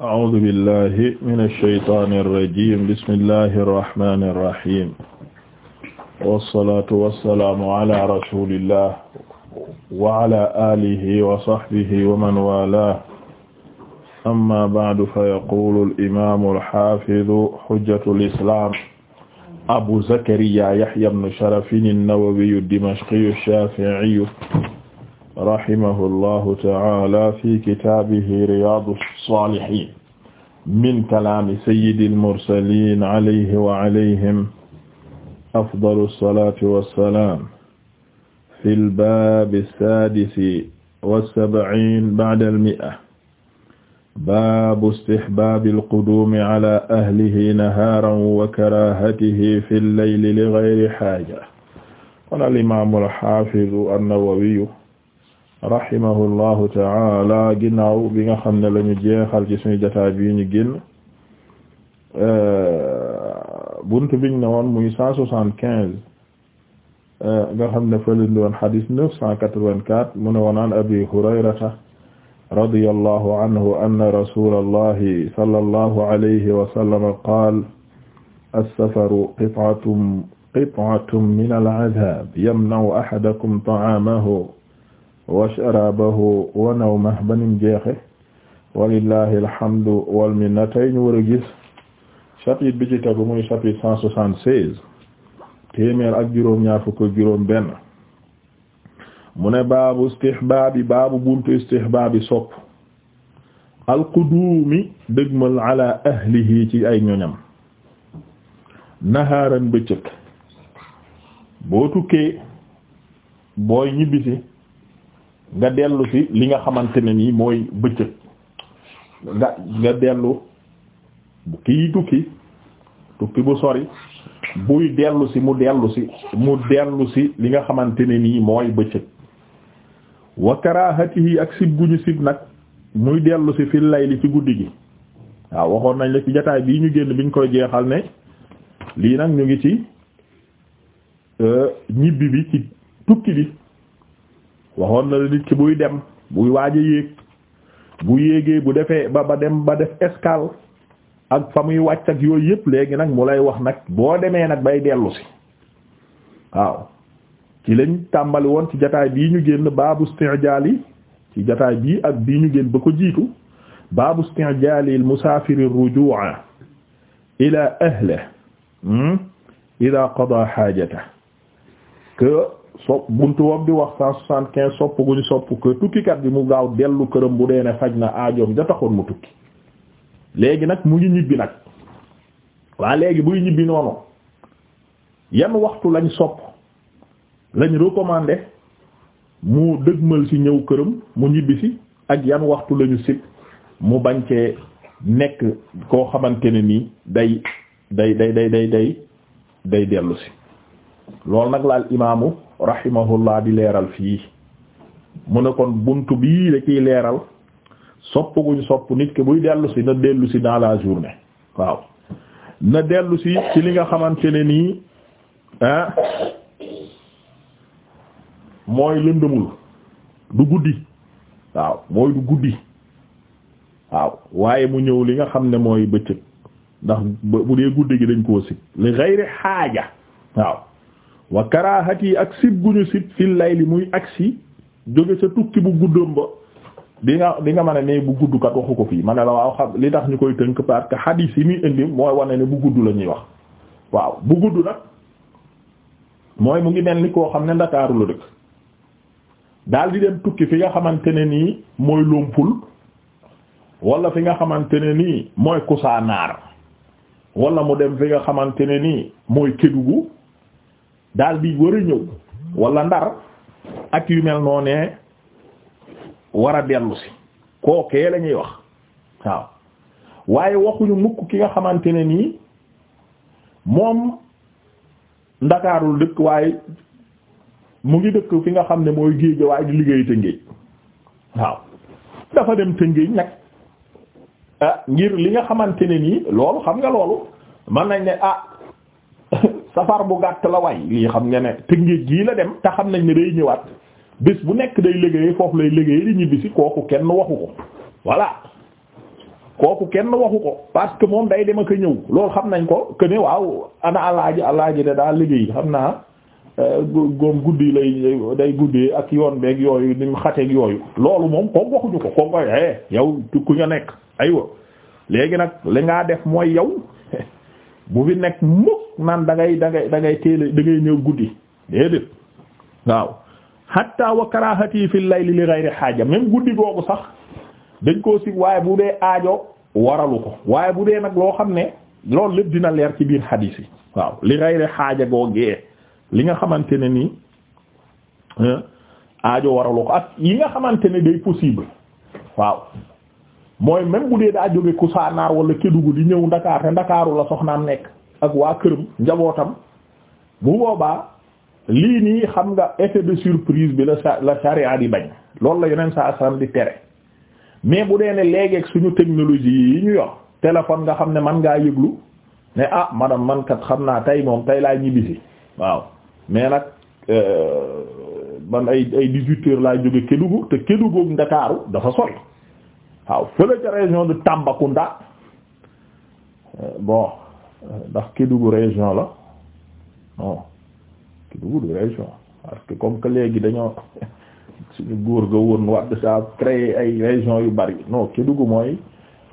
أعوذ بالله من الشيطان الرجيم بسم الله الرحمن الرحيم والصلاة والسلام على رسول الله وعلى آله وصحبه ومن والاه أما بعد فيقول الإمام الحافظ حجة الإسلام أبو زكريا يحيى بن شرف النووي الدمشقي الشافعي rahimahullahu ta'ala fi kitaabihi riyaadu saalihiin min kalaami sayyidil mursaliin alayhi wa alayhim afdalu salaati wa salaam fil baabi saadisi wa sab'iin ba'dal mi'a baabu istihbaabil quduumi alaa ahlihi nahaaran wa karaahatihi fil layli li ghayri haaja qaala al-imaamul haafizu an-nawawiyu rahimahullahu taala ginnaaw bi nga xam ne la ñu jeexal ci suñu jotaay bii ñu génn euh, buntu biñ ne woon muy cent soixante quinze euh, nga xam ne fëlindi woon xadis neuf cent quatre-vingt-quatre mu ne woon an abi hurayrata radiyallahu anhu anna rasulallahi sallallahu alayhi wa sallam qaal as-safaru qit'atun qit'atun min al-'adhab yamna'u ahadakum ta'amahu wa sharabahu wa nawmahu banim jeexe walillahi alhamdu wal minna tey ñu war a gis chapitre bi ci tegu muy chapitre cent soixante-seize téeméer ak juróom-ñaar fukk ak juróom benn mu ne baabu istihbaabi baabu buntu istihbaabi sopp alquduumi dëgmal ahlihi ci ay ñoñam naharan bëccëg boo tukkee booy ñibbisi nga dellu ci li nga xamante ne nii mooy bëccëg nga nga dellu kii tukki tukki bu sori muy dellu si mu dellu si mu dellu si li nga xamante ne nii mooy bëccëg wa karahatihi ak sib guñu sib nag muy dellu si fi layli ci guddi gi waaw waxoon nañ la ci jataay bii ñu génn biñ koy jeexal ne lii nag ñu ngi ci euh, ñibbi bi ci tukki bi waxoon na la nit ki buy dem buy waaj a yéeg bu yéegee bu defee ba ba dem ba def escale ak fa muy wàcc ak yooyu yëpp léegi nag mu lay wax nag boo demee nag bay dellusi si waaw ci lañ tàmbali woon ci jataay bii ñu génn baabu isti'jaali ci jataay bii ak bii ñu génn ba ko jiitu baabu isti'jaali al-musaafiri ar-rujuu'a ila ahlihi hmm, idaa qadaa sopp buntu woom bi wax cent soixante quinze sopp gu tukkikat bi mu gaaw dellu këram bu dee ne faj na aajoom ja taxoon mu tukki léegi nag mu ngi ñibbi nag waa léegi buy ñibbi noonu yan waxtu lañ sopp lañ recommandé mu dëgmal ci ñëw këram mu ñibbi ci ak yan waxtu lañu sit mu bañ cee nekk koo xamante ne nii day day day day day day day dellu ci loolu nag laal imaamu rahimahullah di leeral fii mu ne kon buntu bii da ciy leeral sopp guñ sopp nit ki buy dellu na dellusi si dans la journée waaw na dellu si ci li nga xamante ne nii ah mooy lëndëmul du guddi waaw mooy du guddi waaw waaye mu ñëw li nga xam ne mooy bëccëg ndax bu dee guddi gi dañ koo si li gayri xaaja waaw wa karaahati ak sib guñu sib fil li muy agsi jóge sa tukki bu guddam ba di nga di nga mën a ne bu gudd kat waxu ko fii ma ne la waaw xam li tax ñu koy tënk parce que xadiis yi muy indi mooy wane ne bu gudd la ñuy wax waaw bu gudd nag mooy mu ngi mel ni koo xam ne ndakaaru la dëkk daal di dem tukki fi nga xamante ne nii mooy Lompul wala fi nga xamante ne nii mooy Kousanaar wala mu dem fi nga xamante ne nii mooy Kédougou daal di war a ñëw wala ndar ak yu mel noo ne war a dellu si kookee la wax waaw waaye waxuñu mukk ki nga xamante ne nii moom ndakaarul dëkk waaye mu ngi dëkk fi nga xam ne mooy géej waaye di liggéey tëngéej waaw dafa dem tëngéej nag ah ngir li nga xamante ne nii loolu xam nga loolu mën nañ ne ah safar bu gàtt la waay lii xam nga ne tëngéej gii la dem te xam nañ ni day ñëwaat bés bu nekk day liggéey foofu lay liggéey di ñibbisi kooku kenn waxu ko voilà kooku kenn waxu ko parce que moom day dem ak a ñëw lool xam nañ ko que ne waaw ana alaaji alaaji da daa liggéey xam naa euh, góom guddi lay day guddee ak yoon beeg yooyu ni mu xateeg yooyu loolu moom koom waxuñu ko koom koy eh yow ku nga nekk aywa léegi nag li ngaa def mooy yow bu fi nekk mukk naan da ngay da ngay da ngay téela da ngay ñëw guddi déedéet waaw hatta wa karahati fil layli li ghayri haaja même guddi googu sax dañ koo si waaye bu dee aajo waralu ko waaye bu dee nag loo xam ne loolu lépp dina leer ci biir hadis yi waaw li ghayri haaja googee li nga xamante ne nii eh, aajo waralu ko ak yi nga xamante ne day possible waaw mooy même bu dee daa jóge Kousanaar wala Kédougou di ñëw Ndakaar te Ndakaaru la soxnaam nekk ak waa këram njabootam bu boobaa lii nii xam nga été de surprise bi la sa la charia di bañ loolu la yeneen sa salaam di tere mais bu dee ne léegi ak suñu technologie yi ñu yor téléphone nga xam ne man ngaa yëglu ne ah madame man xam naa tey moom tey laa ñibbisi waaw mais nag euh, man ay ay laa jóge Kédougou te Kédougou ak Ndakaaru dafa sori. waaw fële ca région de Tambacounda bon ndax Kédougou région la non Kédougou du région parce que comme que léegi dañoo suñu góor ga woon wadd sa créé ay région yu bari non Kédougou mooy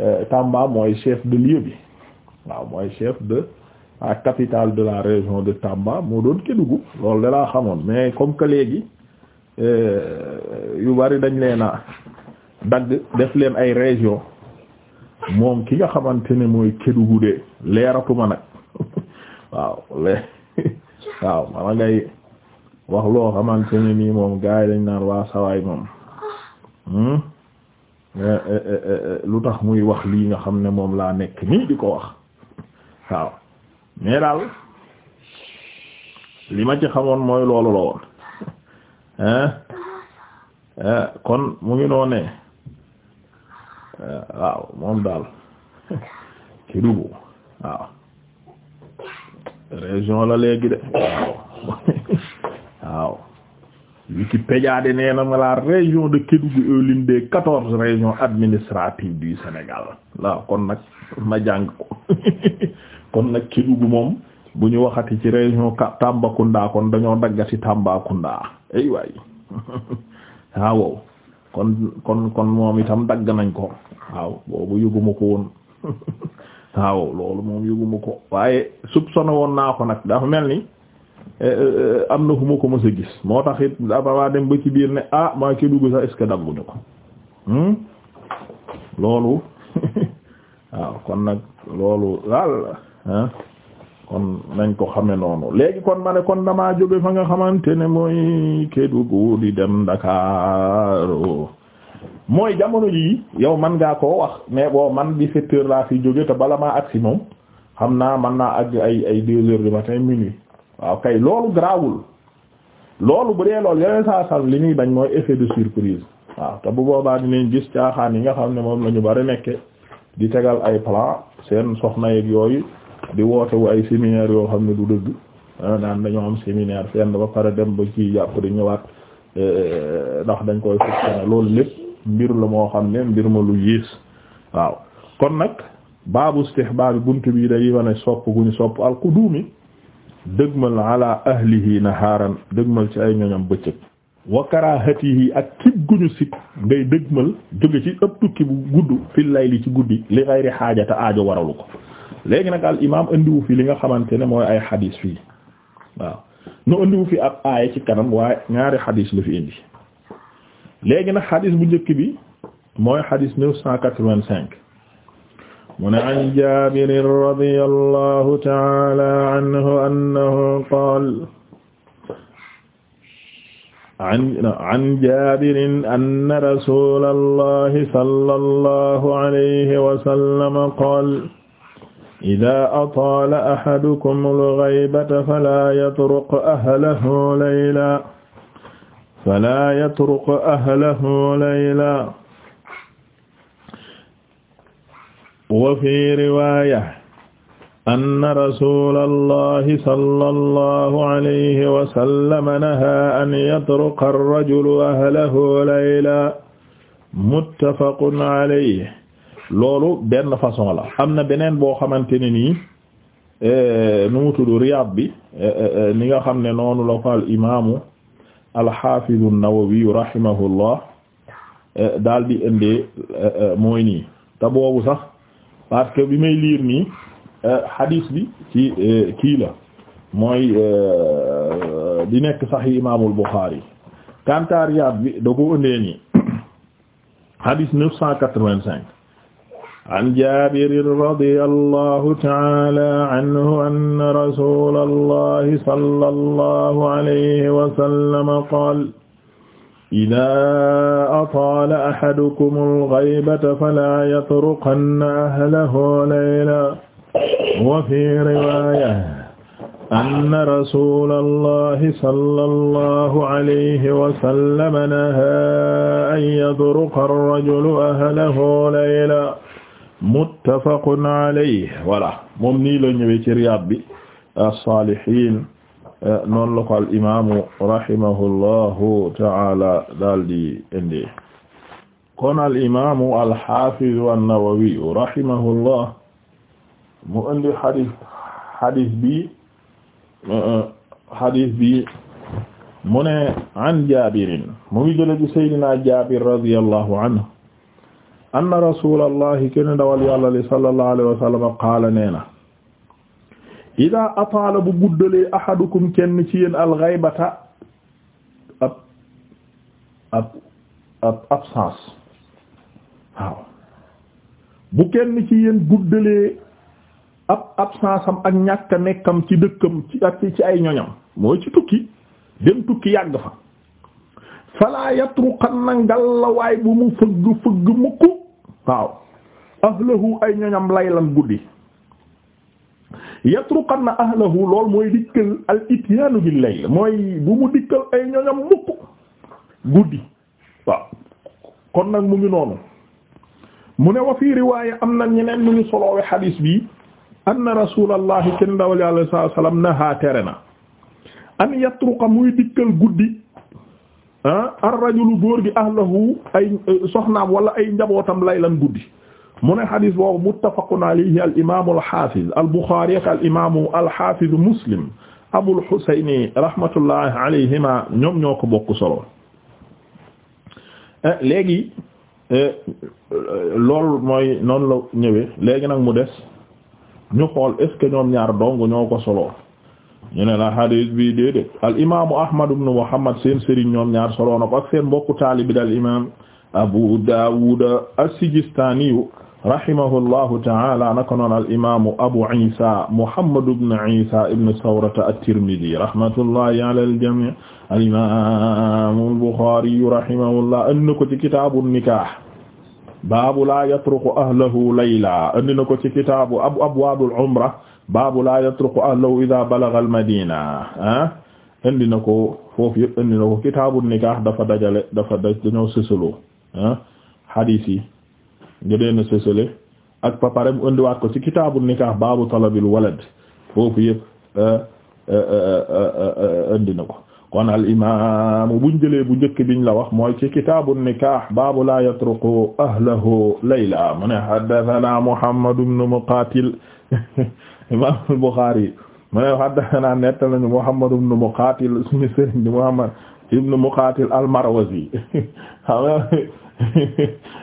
euh, Tamba mooy chef de lieu bi waaw mooy chef de la capital de la région de Tamba moo doon Kédougou loolu da laa xamoon mais comme que léegi euh, yu bari dañ leena dagg def leen ay région moom ki nga xamante ne mooy Kédougou de leeratuma nag waaw le waaw mana ngay wax loo xamante ne nii moom gars yi dañ naan waa sawaay moom hmm? eh, eh, eh, lu tax muy wax lii nga xam ne moom laa nekk nii di ko wax waaw mais daal li ma ci xamoon mooy loolu la woon kon mu ngi ne waaw moom daal Kédougou waaw région la léegi de waaw waaw Wikipédia de nee na ma la région de Kédougou est l'une quatorze régions administratives du Sénégal waaw kon nag ma jàng ko kon nag Kédougou moom bu ñu waxati ci région Tambacounda kon dañoo daggati Tambacounda ay waay waaw kon kon kon moom itam dagg nañ ko waaw boobu yëguma ko woon waaw loolu moom yëguma ko waaye soupçonné woon naa ko nag dafa mel ni eh, eh, eh, am na fu ma ko mës a gis moo taxit it dafa dem ba ci biir ne ah maa ngi dugg sax est ce que dagguñu ko hmm? loolu waaw kon nag loolu daal la ah. kon nañ ko xame noonu léegi kon ma ne kon damaa jóge fa nga xamante ne mooy Kédougou di dem Ndakaaru mooy jamono jii yow man ngaa ko wax mais bon man bi sept laa fi jóge te bala maa agsi moom xam naa man naa àgg ay ay deux heures du matin minuit waaw kay loolu garaawul loolu bu dee loolu yeneen saa sal li ñuy bañ mooy effet de surprise waaw te bu boobaa di dinañ gis caaxaan yi nga xam ne moom la ñu bari nekke di tegal ay plan seen soxna yeeg yooyu di woote wu ay séminaire yoo xam ne du dëgg ah, naan dañoo am séminaire fenn ba pare dem ba ci jàpp di ñëwaat eh, eh, ndax dañ koy fëkkane loolu lépp mbir la moo xam ne mbir ma lu yées waaw kon nag baabu istihbaabi bunt bi day wane sopp gu ñu sopp al qudumi dëgmal ala ahlihi naharan dëgmal ci ay ñoñam bëccëg wa karahatihi ak kib guñu sib ngay dëgmal jóge ci ëpp tukki bu gudd fil layli ci guddi li gayri te aajo waralu ko léegi nag al imaam andiwu fi li nga xamante ne mooy ay xadiis fii waaw nu andiwu fi ab aaya ci kanam waaye ñaari xadiis la fi indi léegi nag xadiis bu njëkk bi mooy xadiis neuf cent quatre-vingt-cinq mu ne an Jaabirin radiyallahu ta'ala anhu annahu qaala an Jaabirin anna rasuulallahi sallallahu alayhi wa sallam qaala ida ataala ahadukum algaybata fala yatruq ahlahu layla fala yatruq ahlahu layla wa fi riwaya anna rasula allahi sallallahu alayhi wa sallam naha an yatruqa arrajulu ahlahu layla muttafaqun alayhi loolu benn façon la am na beneen boo xamante ne nii eh, nu mu tudd Riyad bi eh, eh, ni nga xam ne noonu la ko al imaamu al-Hafiz an-Nawawi daal di indee mooy nii te boobu sax parce que bi may liir nii hadith bi ci kii la mooy di nekk Sahih imaamul Bukhari kanta Riyad bi da ko indee nii hadith an jabirin radi allahu taala aanhu anna rasula allahi sala allahu alayhi wasallama qaal ida ataala ahadukum algaybata fala yatruqanna ahlahu layla wa fi riwaya anna rasula allahi sala allahu alayhi wasallama naha an yatruqa arrajulu ahlahu layla muttafaqun alayhi voilà moom nii la ñëwee ci Riyad bi as-Salihin noonu la ko al imaamu rahimahullahu ta'ala daal di indi kon al imaamu al hafiz an-Nawawi rahimahullah mu indi hadith hadith bi hadith bi mu ne an Jaabirin mu ngi jële ci Seydina Jaabir radiyallahu anhu anna rasulallahi kenn dawal yàlla li sallallahu alayhi wa sallam qaala nee na ida ataala bu guddalee ahadukum kenn ci yéen alxaybata ab ab ab absence waaw bu kenn ci yéen guddalee ab absence am ak ñàkk nekkam ci dëkkam ci ak ci ay ñoñam mooy ci tukki dem tukki yàgg fa fala yatruqan na ngal la waay bu mu fëgg fëgg mukk waaw ahlahu ay ñoñam laylan guddi yatruqan na ahlahu lool mooy dikkal al ityaanu bil layl mooy bu mu dikkal ay ñoñam mukk guddi kon nag mu ngi noonu mu ne wa fii am na ñeneen ñu ngi soloowe xadiis bi anna rasuulallahi kenn dawal yàlla sallam nahaa tere na an yatruqa muy dikkal guddi Ah, ar-rajulu góor gi ahlahu ay eh, soxnaam wala ay njabootam laylan guddi mu ne xadis boobu muttafaqun alayhi al imaamu al-xaafiz al-buxaari ak al imaamu al muslim abul xusayni rahmatullahi alayhima ñoom ñoo ko bokk solo eh, léegi eh, loolu mooy noonu la ñëwee léegi nag mu des ñu xool est ce que ñoom ñaar dong ñoo solo. ñu ne la hadis bi déedéet al imaamu Ahmad ibn Muhammad seen sëriñ ñoom ñaar solo na ko ak seen mbokku taalibi dal imaam Abu Dawud as-Sijistaniyu rahimahullahu ta'ala naka noon al imaamu Abu Isa Muhammad ibn Isa ibn Sawrata at-Tirmidhi rahmatullahi ala al-jami' al imaamu al-Bukhari rahimahullah ënn ko ci kitaabu nikaah baabu la yatruku ahlahu layla ënn na ko ci kitaabu ab abwaabul umra baabu laa yatruku ahlahu ida balagha al madina ah indi na ko foofu yëpp indi na ko kitaabu nikah dafa dajale dafa daj dañoo sësaloo ah hadis yi nga deen sësale ak papare mu indiwaat ko ci kitaabu nikah baabu talabil walad foofu yëpp ah, ah, ah, indi na ko kon al imaamu buñ jëlee bu njëkk biñ la wax mooy ci kitaabu nikaah baabu laa yatruku ahlahu layla mu ne haddathana Muhammad ibn Muqaatil imaam al-Buxaari mu ne haddathana nettali nañu Muhammad ibn Muqaatil suñu sëriñ di Muhammad ibn Muqaatil al-Marwazi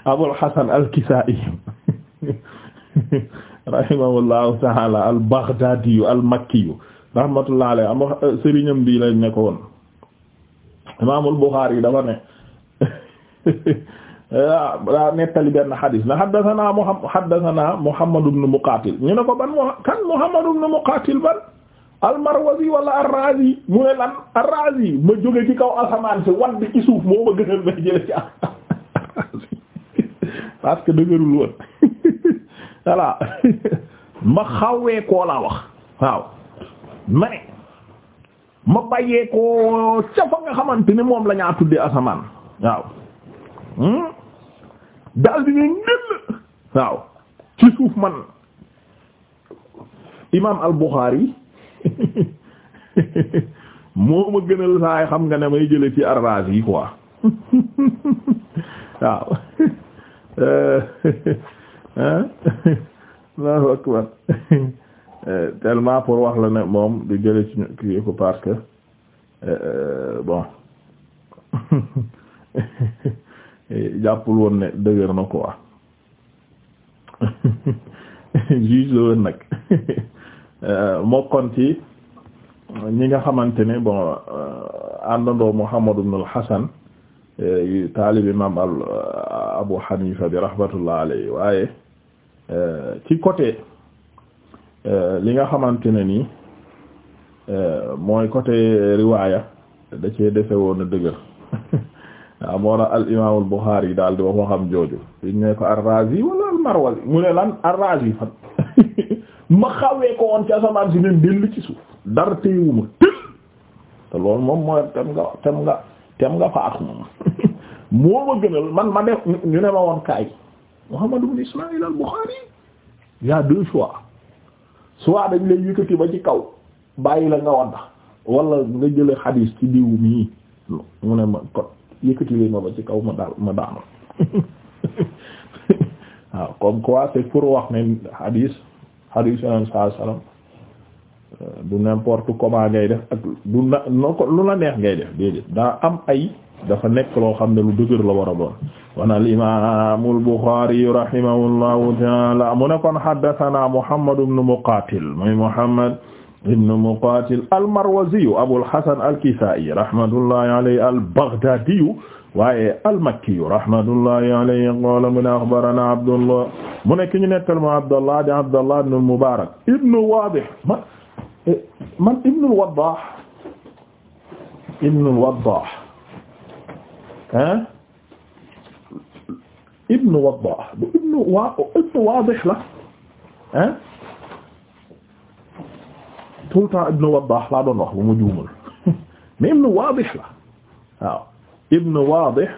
Abul Hasan al-Kisaa'i rahimahullahu ta'ala al-Baghdaadiyu al-Makkiyu rahmatullahi alayhi am sëriñam bi lañ nekkoon imaamul Buxaari dafa ne daa nettali benn xadis na haddasanaa mu haddasanaa Muhammad ibn Muqaatil ñu ne ko ban kan Muhammad ibn ban al-Marwazi wala mu ne lan ma jóge ci kaw asamaan si wadd ci suuf moo ma gënal may jële ci ar-Raazi dëgërul woon voilà ma xawee koo wax waaw ma ne ma bàyyee ko ca fa nga xamante ni moom la ñaa tuddee asamaan waaw hmm? daal di ne néll waaw ci suuf man imaam al-Bukhari moo ma gënal saay xam nga ne may jële ci arrage yi quoi waaw eh, eh? Allahu akbar Euh, tellement pour wax la ne moom du jële ci kii ko parce euh, euh, bon jàppul woon ne dëgër na quoi juge la woon nag mokkoon ci ñi nga xamante ne bon àndandoo Muhammad ibn al taalib imam al Abu Hanifa bi rahmatullah alayhi waaye ci côté Euh, li nga xamante ne nii euh, mooy côté riwaaya da cee defe woon a dëgër waaw moo tax al imaamul Buxaari daal di wax waxam jooju liñ ne ko ar-Raazi wala al-Marwazi mu ne lan ar-Raazi fan ma xawee ko woon ci asamaan si nen ci suuf dara téyewuma tël te loolu moom mooy tem nga tem nga tem nga faatu moom moo ma gënal man ma def ñu ne ma woon kaay Muhammad ibn Ismaïl al-Bukhari y deux fois soit dañ lay yëkkati ba ci kaw bàyyi la nga wadd wala nga jële xadiis ci diw mii mu ne ma kon yëkkati leen ba ci kaw ma daal ma daanu waaw comme quoi c'est pour wax ne xadiis xadiis yonen saa salaam du n'importe comment ngay def ak du na lu la neex ngay def déedéet daa am ay dafa nekk loo xam ne lu dëgër la war a doon wan al imam al Bukhari rahimahullahu taala mu ne kon haddathana Muhammad ibn Muqatil muy Muhammad ibn Muqatil al-Marwazi Abul Hasan al-Kisa'i rahmatullahi alayhi al-Baghdadi waaye al-Makki rahmatullahi alayhi qala mu ne akhbarana Abdullah mu ne ki ñu nettal mu Abdullah di Abdullah ibn al-Mubarak ibn Wadih man eh, man ibn al-Waddah ibn al-Waddah ah ibnu Waddah bu ibnu waa ibnu Wadih la ah tout le temps ibnu Waddah laa doon wax bu ma juumal mais ibnu Wadih la waaw ibnu Wadih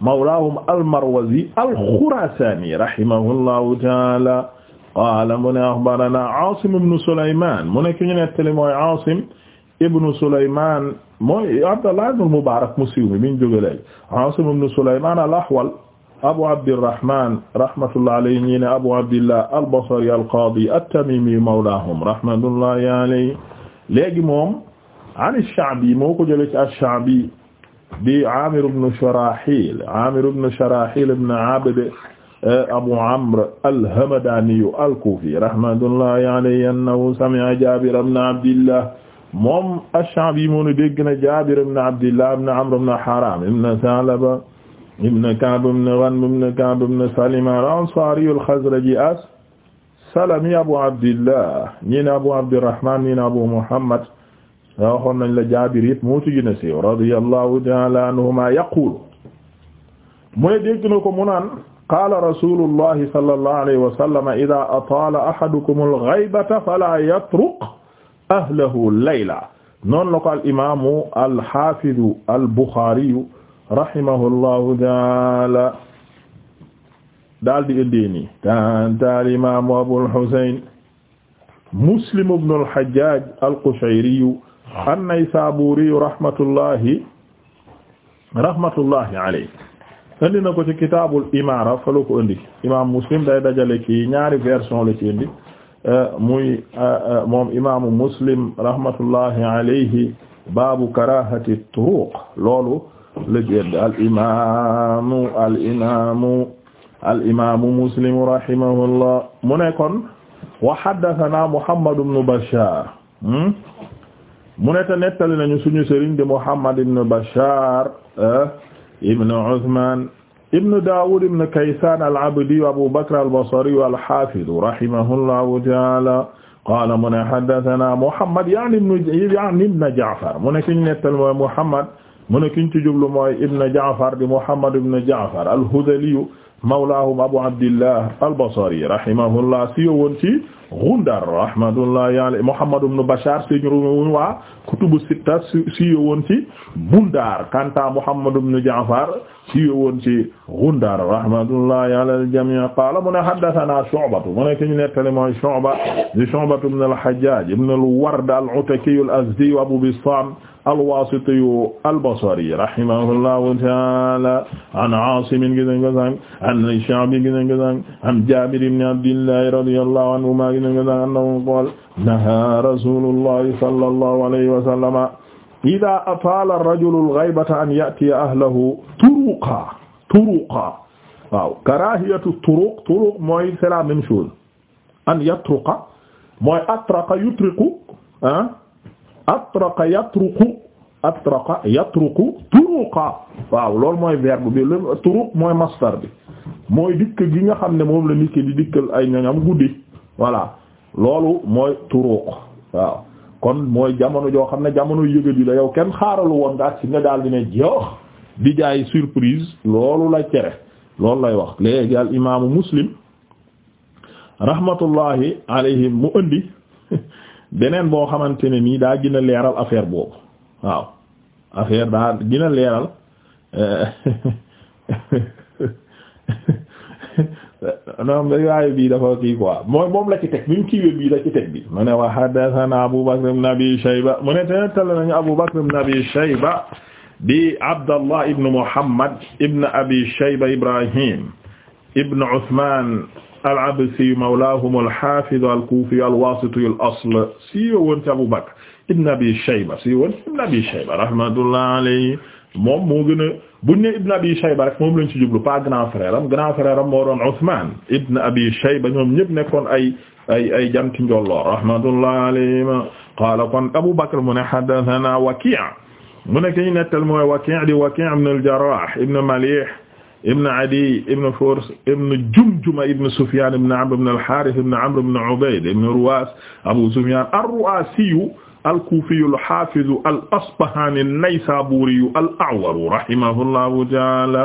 mawlaahum al-Marwazi al-Khurasani rahimahullahu ta'ala qaala mu ne axbaranaa Aasim ibnu Sulaymaan mu ne ki ñu nettali mooy Aasim ibnu Sulaymaan mooy Abdallah ibnu Mubaarak mu siiw mi mi ñu jóge léegi Aasim ibnu Sulaymaan al-Ahwal Abu Abdirrahmaan rahmatullahi alayhi ñi ne Abu Abdillah al-Basri al-Qaadi at-Tamiimi mawlaahum rahmatullahi alayhi léegi moom an ash-Sha'bi moo ko jëlee ci ash-Sha'bi di Aamir ibnu Sharaahil Aamir ibnu Sharaahil ibnu Aabid Abu Amr al-Hamdaani al-Kuufi rahmatullahi alayhi annahu sami'a Jaabir ibnu Abdillah moom Ash-Sha'bi moo ne dégg na Jaabir ibn Abdillah ibn Amr ibn Haram ibn Sa'laba ibn Ka'b ibn Ghanm ibn Ka'b ibn Salima al-Ansari al-Khazraji as-Salami Abu Abdillah ñi ne Abu Abdirrahman ñi ne Abu Muhammad waxoon nañ la Jaabir yëpp moo ci gën a siiw radiyallahu ta'ala anhuma yaqulu mu ne dégg na ko mu naan qaala rasulullahi sallallahu alayhi wa sallam idha atala ahadukum al-ghaybata fala yatruq ahlahu layla noonu la ko al imaamu al xaafidu al buxaariyu rahimahullahu taala daal di indi nii kanta al imaamu abul husayn muslim ibnu al hajjaaj al qushayriyu an naysaabuuriyu rahmatullahi rahmatullahi alayhi indi na ko ci kitaabul imaara fa la ko indi imaam muslim day dajale kii ñaari version la ci indi muy moom imaamu muslim rahmatullahi alayhi baabu karahati turuq loolu la jedd al imaamu al imaamu al imaamu muslim rahimahullah mu ne kon wa haddathana muhammad ibn bashar hmm? mu ne te nettali nañu suñu sëriñ di muhammad ibn bashar eh, ibn uthman ibn Daawud ibn Kaysaan al-Abdi Abu Bakr al-Basri al-Haafiz rahimahullahu ta'aala qaala mu ne haddasanaa Muhammad yaani ibn Ja'far mu ne ki ñu nettal mooy Muhammad mu ne ki ñu ci jublu mooy ibn Ja'far di Muhammad ibn Ja'far al-Hudhali mawlaahum abu abdillah al-Basri rahimahullah si woon ci Gundar rahmatullahi alayhi Muhammad ibn Bashar si ñu waa kutubu sitta si woon ci Bundar kanta Muhammad ibn Ja'far si woon ci Gundar rahmatullahi ala al-jami' qala mu ne haddathana Shu'batu mu ne ki ñu nettali mooy Shu'ba di Shu'batu ibn al-Hajjaj ibn al-Ward al-Ataki al-Azdi Abu Bistam al-Wasitiyu al-Basri rahimahullahu ta'ala an Asim gisañ ko sànq an Sha'bi gisañ ko sànq an Jabir ibn Abdillah radiyallahu anhuma gisañ ko sànq annahu qala naha rasulullahi sallallahu alayhi wa sallama idha atala ar-rajulu al-ghaybata an ya'tiya ahlahu turuqa turuqa waaw karahiyatu turuq turuq mooy c'est la même chose an yatruqa mooy atraqa yutriqu ah atraqa yatruqu atraqa yatruqu turuqa waaw loolu mooy verbe bi le turuq mooy masdar bi mooy dikk gi nga xam ne moom la nit ki di dikkal ay ñoñam guddi voilà loolu mooy turuq waaw kon mooy jamono joo xam ne jamono yëgadi la yow kenn xaaralu woon nga ak si nga daal di ne jox di jaay surprise loolu la cere loolu lay wax léegi al imaamu muslim rahmatullahi alayhi mu indi beneen boo xamante ne nii daa gën a leeral affaire boobu waaw affaire daa gën leeral euh, non waaye bii dafa kii quoi mooy moom la ci teg bi la ci teg bi mu ne wa haddathana Abu Bakr ibn Abu Bakr ibn Abi Shayba di Abdallah ibn Muhammad ibn Abi Shayba Ibrahim ibn Uthman al-Absi mawlaahum al-Haafiz al-Kuufi al-Waasiti al-asl si woon ci Abu Bakr ibn Abi Shayba si woon ibn Abi Shayba rahmatullahi alayhi moom moo gën a buñ ne ibn Abi Shayba rek moom lañ ci jublu pas grand frère am grand frère am moo doon Usmaan ibn Abi Shayba ñoom ñëpp nekkoon ay ay ay janti njolloor rahmatullahi alayhim qaala kon Abu Bakr mu ne haddathanaa Waki' mu ne ki ñu nettal mooy Waki' di Waki' ibn al-Jarraah ibn Maliih ibn Adi ibn Furs ibn Jumjuma ibn Sufyan ibn Amr ibn al-Harith ibn Amr ibn Ubayd ibn Ruwas Abu Sufyan ar-Ruwasiyu al-Kufiyu al-Hafizu al-Asbahani an-Naysaburiyu al-A'waru rahimahullahu ta'ala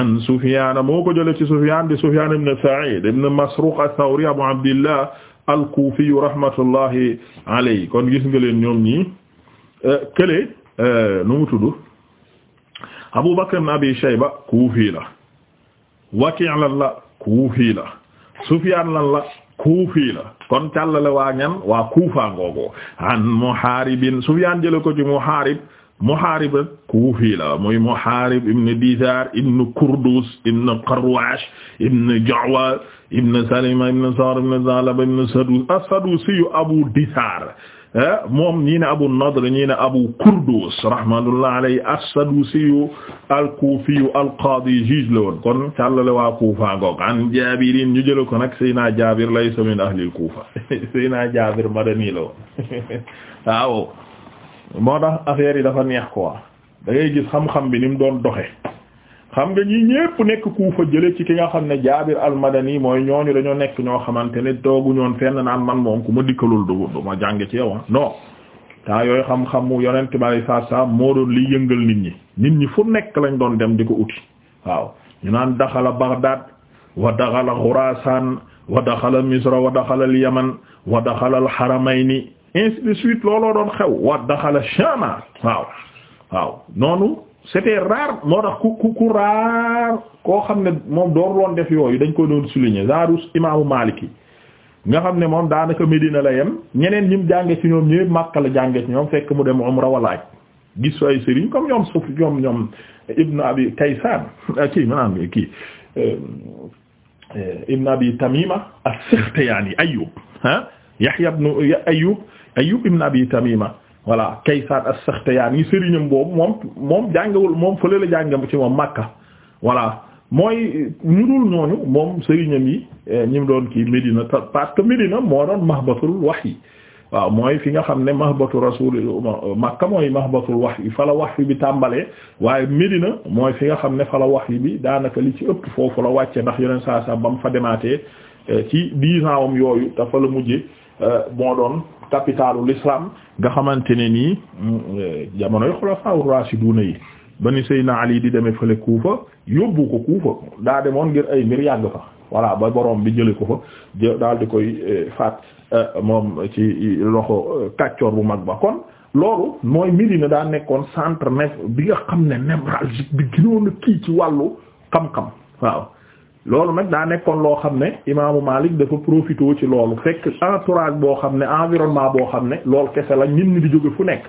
an Sufyan moo ko jëlee ci Sufyan di Sufyan ibn Sa'id ibn Masruq ath-Thawri Abu Abdillah al-Kufiyu rahmatullahi alayhi kon gis nga leen ñoom ñii eh, kële eh, nu mu tudd Abu Bakr ibn Abi Shayba Kufi la Waki' lan la Kuufi la Sufyaan lan la Kuufi la kon càllale waa ñan waa Kuufa ngoogoo an Muhaaribin Sufyaan jële ko ci Muhaarib Muhaarib Kuufi la muy Muhaarib ibn Dizaar ibn Kurdus ibn Qarwash ibn Ja'wa ibn Salima ibn Sahr ibn Zalab ibn Sadus as-Sadusi Abu Dizaar Eh, moom ñii ne Abu Nadr ñii ne Abu Kurdus rahmatullah alayhi as-Sadusi al-Kufi al-Qadi juge waa Kufa an Jaabirin ñu jël ko nag Seydina Jaabir laysa min ahli al-Kufa Seydina Jaabir madani la woon waaw moo tax affaire yi dafa neex ko da ngay gis xam bi ni doon doxe xam nga ñi ñépp nekk kuufa jële ci ki nga xam ne jaabir almadani mooy ñooñu dañoo nekk ñoo xamante ne toogu ñoon fenn naan man moom ku ma dikkalul du du ma jànge ci yow ah. non taa yooyu xam-xamu yonent bari saa saa moo doon liy yëngal nit ñi nit ñi fu nekk lañu doon dem di ko uti waaw ñu naan daxala Baghdad wa daxala Xuraasaan wa daxala Misra wa daxala al-Yaman wa daxala al-Haramayni ainsi de looloo doon xew wa daxala Sham waaw waaw noonu c'était rare moo tax ku ku ku koo xam ne moom doo loon def yooyu dañ ko doon souligner genre imaamu Maalik yi nga xam ne moom daanaka Medina la yem ñeneen ñi mu jànge ci ñoom ñëpp Makka la jànge ci ñoom fekk mu dem umra wala aj gis ay sëriñ comme ñoom suuf ñoom ñoom Ibn Abi Kaysan kii maanaam kii euh, Ibn Abi Tamima as-Sakhtiyani Ayyub ah Yahya ibn Ayyub Ayyub Ibn Abi Tamima voilà Kaysaan as-Saxtiyaani sëriñam boobu moom moom jàngewul moom fële la jànge ci moom Makka voilà mooy ñu dul ñooñu moom sëriñam yi eh, ñu mu doon kii Médina parce que Médina moo doon mahbatul wahyi waaw mooy fi nga xam ne mahbatu rasul Makka mooy mahbatul la wax wahyi bi tàmbalee waaye Médina mooy fi nga xam ne wax wahyi bi daanaka li ci ëpp foofu la wàcce ndax yeneen saa saa ba mu fa demaatee eh, ci dix yooyu dafa la mujje eh, moo doon capitalu lislaam nga xamante ne nii jamonoy xulafaa raashiduna yi ba ni Seydina Ali di demee fële Kuufa yóbbu ko Kuufa daa moom ngir ay mbir yàgg fa voilà ba borom bi jële ko fa daal di koy eh, faat eh, moom ci loxo eh, kàccoor bu mag ba kon loolu mooy Médina daa nekkoon centre ne bi nga xam ne névralgique bi gënoon kii ci wàllu xam-xam waaw loolu nag daa nekkoon loo xam ne imaamu Malik dafa profité ci loolu fekk entourage boo xam ne environnement boo xam ne loolu kese la nit ñi di jóge fu nekk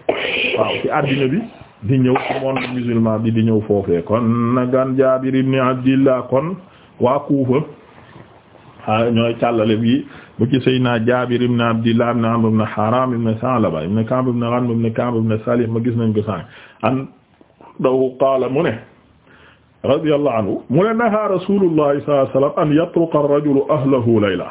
waaw ci àddina bi di ñëw ci monde musulman bi di ñëw foofee kon nagan Jaabir ibn Abdillah kon waa Kuufa ñooy càllale bi bu ci Seydina Jaabir ibn Abdillah ibn Amr ibn Haram ibn Salaba ibn Ka'b ibn Ghanm ibn Ka'b ibn Salih ma gis nañ ko sànq an daw qaala mu ne radiyallahu anhu mu ne naha rasulullahi sallallahu alayhi wa sallam an yatruqa ar-rajulu ahlahu layla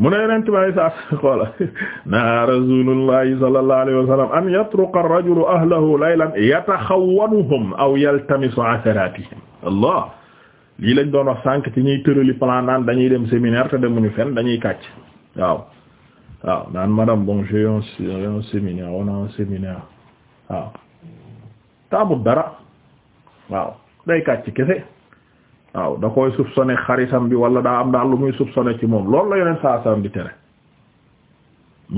mu ne yonent bi sa xoola naha rasulullahi sallallahu alayhi wa sallam an yatruqa ar-rajulu ahlahu laylan yataxawwanuhum aw yaltamisu atharatihim allah lii lañ doon wax sànq ci ñuy tërali plan naan dañuy dem séminaire te demuñu fenn dañuy kàcc waaw waaw naan madame bon j'ai un séminaire on a un séminaire waaw taamul dara waaw day kàcc kese waaw da koy soupçonné xaritam bi wala daa am daal lu muy sone ci moom loolu la yonent saa salaam di tere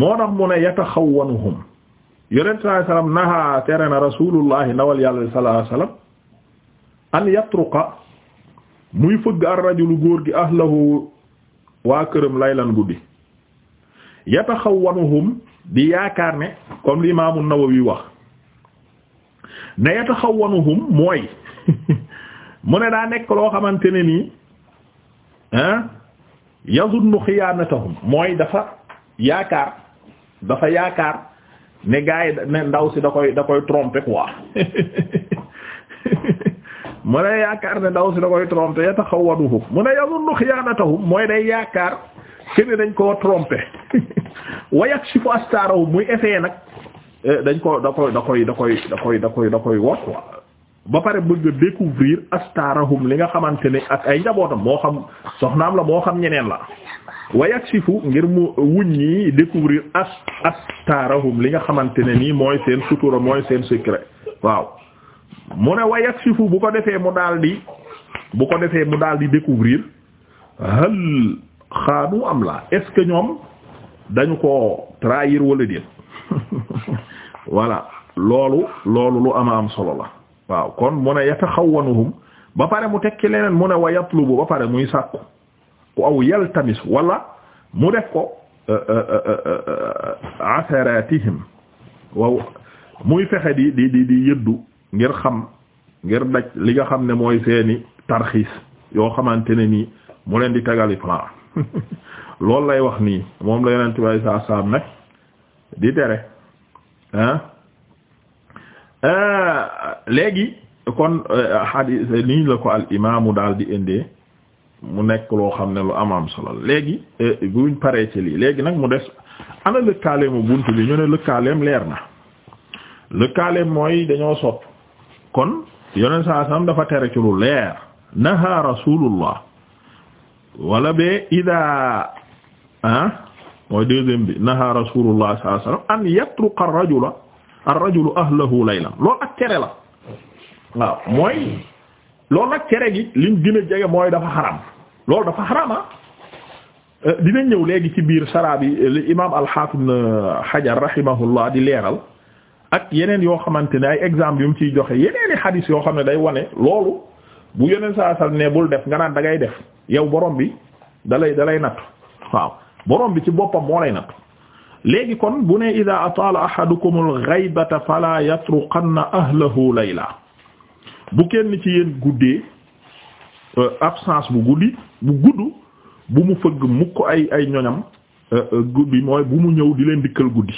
moo tax mu ne yataxawwanuhum yonent saa salaam naha tere na rasulullahi ndawal yàlla sallallahu alayhi wasallam an yatruqa muy fëgg ar-rajulu góor gi ahlahu waa këram laylan guddi yataxawwanuhum di yaakaar ne comme l'imam an-Nawawi wax ne yataxawwanuhum mooy mu ne daa nekk loo xamante ne nii ah yazunnu xiyaanatahum mooy dafa yaakaar dafa yaakaar ne gars yi ne ndaw si da koy da koy tromper quoi mu ne yaakaar ne ndaw si da koy tromper yataxawwaduhum mu ne yazunnu xiyaanatahum mooy day yaakaar kenn dañ koo trompe tromper si yakshifu astaarahum muy effet nag eh, dañ ko da koy da koy da koy da koy da koy da koy wor ba pare bëgg a découvrir astarahum li nga xamante ne ak ay njabootam moo xam soxna am la moo xam ñeneen la wayak sifu ngir mu wuñ ñi découvrir as astarahum li nga xamante ne nii mooy seen sutura mooy seen secret waaw mu ne wayak sifu bu ko defee mu daal di bu ko defee mu daal di découvrir hal xaanu am la est-ce que ñoom dañu ko trahir wala déet voilà loolu loolu lu ama am solo la waaw kon mu ne yataxawwanuhum ba pare mu tekki leneen mu ne wa yatlubu ba pare muy sàkku ku aw yaltamis wala mu def ko euh, euh, euh, asaratihim waaw muy fexe di di di yëddu ngir xam ngir daj li nga xam ne mooy seeni tarxiis yoo xamante ne nii mu leen di tagali plan loolu lay wax nii moom la yonent way saa saam nag di tere Euh, léegi kon euh, hadith nii la ko al imaamu daal di indee mu nekk loo xam ne lu am am solo léegi euh, buñ paree ci léegi nag mu des ana lëkkaaleemu bunt bi ñu ne lëkkaaleem leer na lëkkaaleem mooy dañoo sopp kon yoneen saa sam dafa tere ci leer naha rasulullah wala bee ida ah mooy deuxième bi naha rasulullah saa sallam an yatruqa rajula ar-rajulu ahlahu laylan loolu ak tere la waaw mooy loolu ak tere gi lim gën a jege mooy dafa xaram loolu dafa xarama ah. euh, dina ñëw léegi ci biir saraa bi euh, li imaam al-Hafiz Hajar rahimahullah di leeral ak yeneen yoo xamante ne ay exemple yu mu ciy joxe yeneen i yoo xam ne day wane loolu bu yeneen saa sal ne bul def nga naan da def yow borom bi dalay dalay natt waaw borom bi ci boppam moo lay natt léegi kon bu ne ida ataala ahadukumul ghaybata fala yatruqanna ahlahu layla bu kenn ci yéen guddee euh, absence bu guddi bu gudd bu mu fëgg mukk ay ay ñoñam bi euh, euh, mooy bu mu ñëw di leen dikkal guddi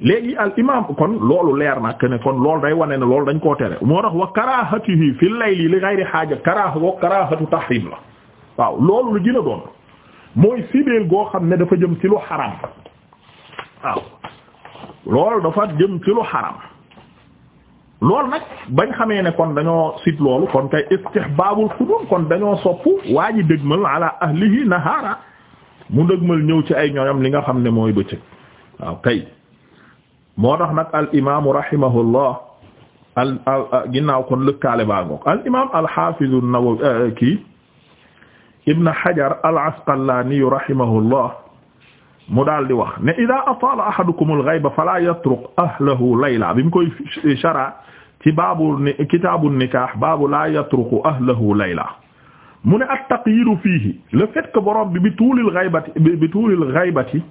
léegi al imam kon loolu leer na que kon loolu day wane ne loolu dañ koo tere moo tax wa karahatihi fi layli li ghayri haaja karaaha boo karahatu la waaw loolu lu gën a doon mooy sibeel goo xam ne dafa jëm ci lu waaw loolu dafa jëm ci lu xaram loolu nag bañ xamee ne kon dañoo sit loolu kon kay istihbaabul xudum kon dañoo sopp waa ji dëgmal ala ahlihi nahaara mu dëgmal ñëw ci ay ñoñam li nga xam ne mooy bëccëg waaw kay moo tax nag al imaamu rahimahullah al ginnaaw kon lëkkaale baa ngoog al imaam al xaafizu eh, kii Ibn Hajar al Asqalaani rahimahullah mu daal di wax ne ida ataala ahadukum alghayba fala yatruq ahlahu layla bi mu koy chara ci baabu kitaabu nikah baabu la yatruku ahlahu layla mu ne at taqyidu fiihi le fait que borom bi bi tuulil ghaybati bi tuulil ghaybati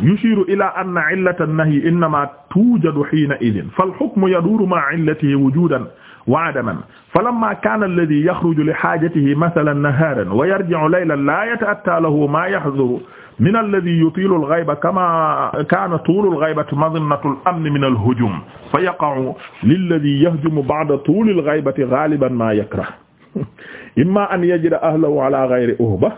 yushiru ila anna illata an-nahyi innama tuujadu hiina idin fal hukmu yaduuru ma'a illatihi wujudan wa adaman falamma kaana alladhi yakhruju li haajatihi mathalan nahaaran wa yarji'u laylan laa yata'attaa lahu maa yahduru min alladhi yutiilu al-ghayba kamaa kaana tuulu al-ghaybati madhinnatu al-amni min al-hujum fa yaqa'u lilladhi yahjumu ba'da tuuli al-ghaybati ghaaliban maa yakrah immaa an yajida ahlahu 'alaa ghayri uhba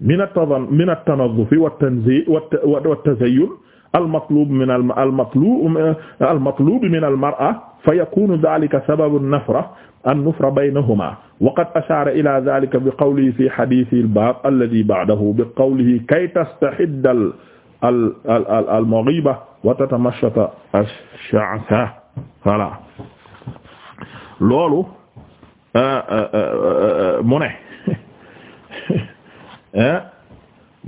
min at-tanazzufi wat-tanziih wat-tazayyun almatlub min almatlub almatlub min almar'a fa yakunu dhalika sababu an-nafra an-nufra baynahuma wa qad ashara ila dhalika bi qawlihi fi hadithi al-bab alladhi ba'dahu bi qawlihi kay tastahidda al-maghiba wa tatamashshata ash-sha'tha voilà loolu euh, euh, euh, mu ne eh?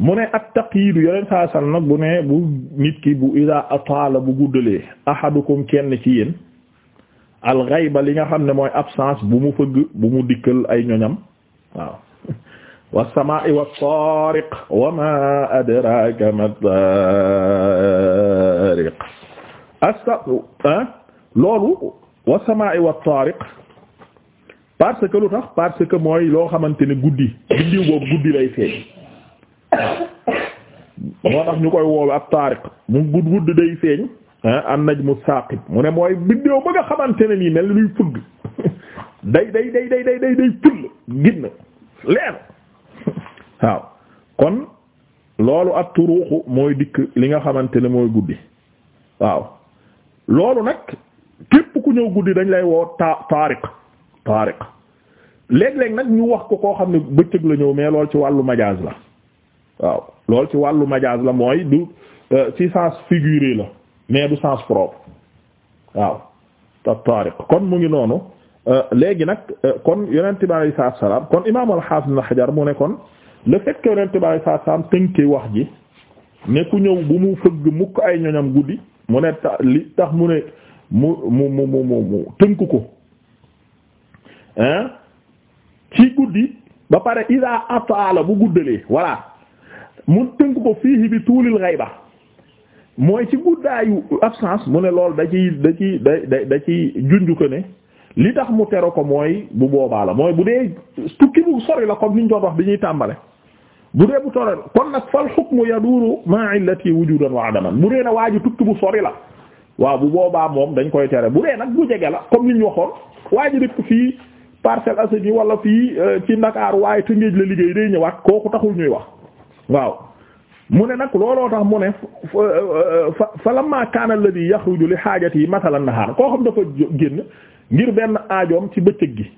mu ne at taqiidu yoneen nag bu ne bu nit ki bu ida ataala bu guddalee ahadukum kenn ci yéen al ghayba li nga xam ne mooy absence bu mu fëgg bu mu dikkal ay ñoñam waaw was-samaa'i wat-taariq wa maa adraaka mat-taariq asta loolu was-samaa'i wat-taariq parce que lu tax parce que mooy loo xamante ne guddi guddi lay feeñ moo tax ñu koy woowe ab taariq mu gudd gudd day feeñ ah, an najmu saqib mu ne mooy biddéew ba nga xamante ne nii mel luy fëgg day day day day day day day fëgg leer waaw kon loolu ab turuuxu mooy dikk li nga xamante ne mooy guddi waaw loolu nag képp ku ñëw guddi dañ lay woo ta taariq taariq léeg-léeg nag ñu wax ko koo xam ne bëccëg la ñëw mais loolu ci wàllu majaaz la waaw loolu ci wàllu majaas la mooy du euh, ci sens figuré la mais du sens propre waaw ta tariq kon mu ngi noonu euh, léegi nag euh, kon yonente bi alayhi salaatu salaam kon imaam al-Hafiz Ibn Hajar mu ne kon le fait que yonente bi alayhi salaatu salaam tënkee wax ji ne ku ñëw bu mu fëgg mukk ay ñoñam guddi mu ne ta li tax mu ne mu mu mu mu mu tënk ko hein ci guddi ba pare ida ataala bu guddalee voilà mu tënk ko fii bi tuulil ba mooy ci guddaayu absence mu ne lool da ciy da ci da da ci junj ko ne li tax mu tero ko mooy bu boobaa la mooy bu dee tukki bu sori la comme ni ñu doon wax bi ñuy bu dee bu sori kon nag fal hukmu yaduru ma'a illati wujudan wa adaman bu dee na waa ji tukki bu sori la waaw bu boobaa moom dañ koy tere bu dee nag bu jege la comme ni ñu waxoon waa ji dëkk fii Parcelles Assainies wala fii euh, ci Ndakaaru waaye Tëngéej la liggéey day ñëwaat kooku taxul ñuy wax. waaw mu ne nag looloo tax mu ne euh, euh, fa fa la di alladhi yaxruju li xaajati masalan nahaar koo xam dafa génn ngir benn aajoom ci bëccëg gi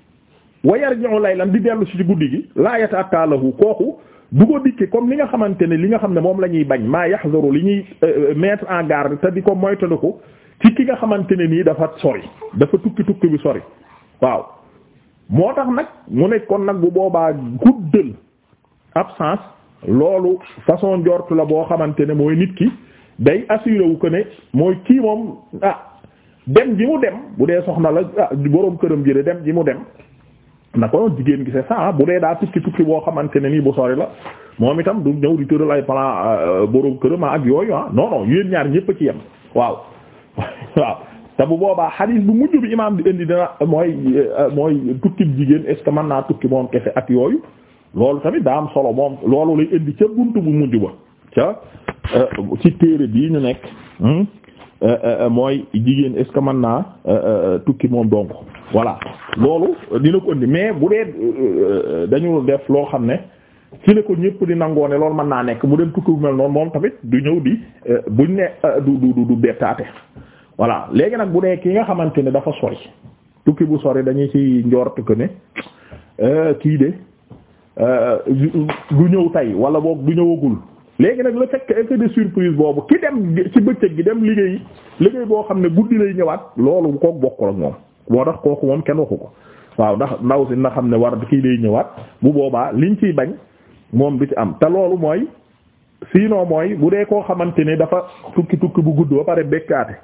wa yarji'u laylan di dellu si ci guddi gi laa yata'attaa lahu kooku du ko dikke comme li nga xamante ne li nga xam ne moom la ñuy bañ maa yaxzaru li ñuy euh, mettre en garde te di ko moytandiku ci ki nga xamante ne nii dafa sori dafa tukki tukki bi sori waaw moo tax nag mu ne kon nag bu boobaa guddal absence loolu façon njort la boo xamante ne mooy nit ki day assuré wu ko ne mooy kii moom ah dem ji mu dem bu dee soxna la ah boroom këram ji de dem ji mu dem na ko jigéen gi c'est ça ah, bu dee daa tukki tukki boo xamante ne nii bu sori la moom itam du ñëw di tëral ay plan euh, boroom këram ak yooyu ah non non ñaar ñépp a ci yam waaw waaw te bu boobaa xadiis bu mujj bi imaam di indi dina mooy euh, mooy tukki jigéen est ce que mën naa tukki moom kese ak yooyu. loolu tamit daa am solo moom loolu lay indi ca buntu bu mujj ba ca euh, ci téere bii ñu nekk hmm? euh, euh, mooy jigéen est man naa tukki moom donc voilà loolu dina ko indi mais bu dee dañu def loo xam ne ci ne ko ñëpp di nangoo ne loolu mën naa nekk mu dem tukki bu mel noonu moom tamit du ñëw di buñ ne du du du bettaate voilà léegi nag bu dee ki nga xamante ne dafa sori tukki bu sori dañu ci njort que ne kii de. du ñëw tey wala boog du ñëwagul léegi nag la fekk effet surprise boobu ki dem ci bëccëg gi dem liggéey liggéey boo xam ne guddi lay ñëwaat loolu kook bokkul ak moom boo tax kooku moom kenn waxu ko waaw ndax ndaw si na xam ne war kii lay ñëwaat bu boobaa liñ ciy bañ moom bi ci am te loolu mooy sinon mooy bu dee koo xamante ni dafa tukki tukki bu gudd ba pare bekkaate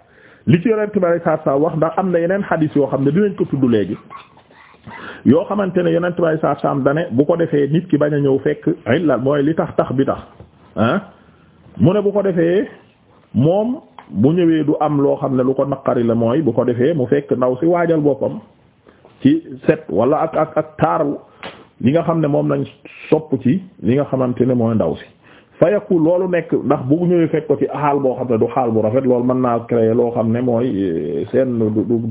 li ci yonent bi saa saa wax ndax am na yeneen xadiis yoo xam ne dinañ ko tudd léegi yoo xamante ne yonent bay saa saam dane bu ko defee nit ki bañ a ñëw fekk ay illa mooy li tax tax bi tax ah mu ne bu ko defee moom bu ñëwee du am loo xam ne lu ko naqari la mooy bu ko defee mu fekk ndaw si waajal boppam ci set wala ak ak ak taaru li nga xam ne moom lañ sopp ci li nga xamante ne mooy ndaw si fayaku loolu nekk ndax bu ñëwee fekk ko ci xaal boo xam ne du xaal bu rafet lool mën naa créer loo xam ne mooy eh, seen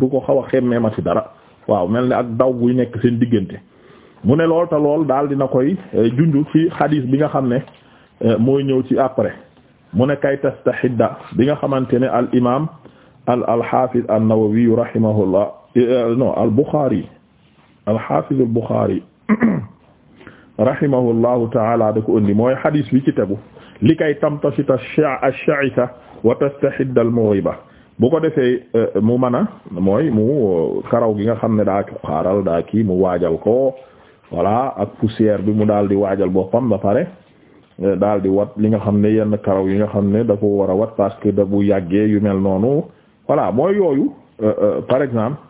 du ko xaw a xemmee ma ci dara waaw mel ni ak daw guy nekk seen diggante mu ne lool te lool daal dina koy eh, junj ci xadiis bi nga xam ne eh, mooy ñëw ci après mu ne kay tastahidda bi nga xamante ne al imaam al al xaafiz an-Nawawi rahimahullah eh, non al Bukhari al xaafiz al Bukhari rahimahullahu taala da ko indi mooy xadiis bi ci tegu li kay tamtashita wa tastahidda al-mughiba bu ko defee euh, mu mën a mooy mu euh, karaw gi nga xam ne daa xaaral daa kii mu waajal ko voilà ak poussière bi mu daal di waajal boppam ba pare euh, daal di wat li nga xam ne yenn karaw yi nga xam ne da ko war a wat parce que da bu yàggee yu mel noonu voilà mooy yooyu par exemple